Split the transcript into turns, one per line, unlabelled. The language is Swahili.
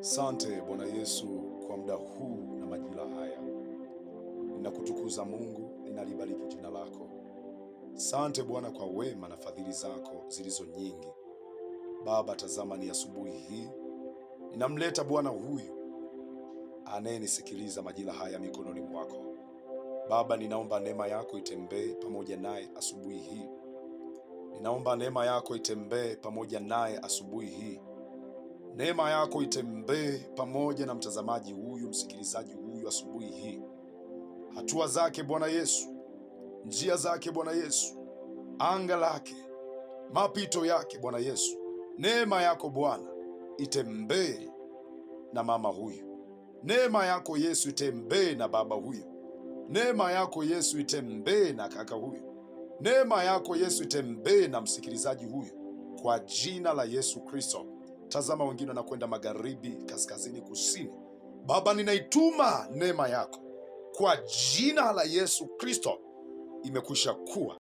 Sante Bwana Yesu kwa muda huu na majira haya, ninakutukuza Mungu, ninalibariki jina lako. Sante Bwana kwa wema na fadhili zako zilizo nyingi. Baba, tazama ni asubuhi hii ninamleta Bwana huyu anayenisikiliza majira haya mikononi mwako Baba, ninaomba neema yako itembee pamoja naye asubuhi hii. Ninaomba neema yako itembee pamoja naye asubuhi hii Neema yako itembee pamoja na mtazamaji huyu, msikilizaji huyu asubuhi hii. Hatua zake Bwana Yesu, njia zake Bwana Yesu, anga lake, mapito yake Bwana Yesu, neema yako Bwana itembee na mama huyu, neema yako Yesu itembee na baba huyu, neema yako Yesu itembee na kaka huyu, neema yako Yesu itembee na msikilizaji huyu, kwa jina la Yesu Kristo. Tazama, wengine wanakwenda magharibi, kaskazini, kusini. Baba, ninaituma neema yako kwa jina la Yesu Kristo, imekwisha kuwa.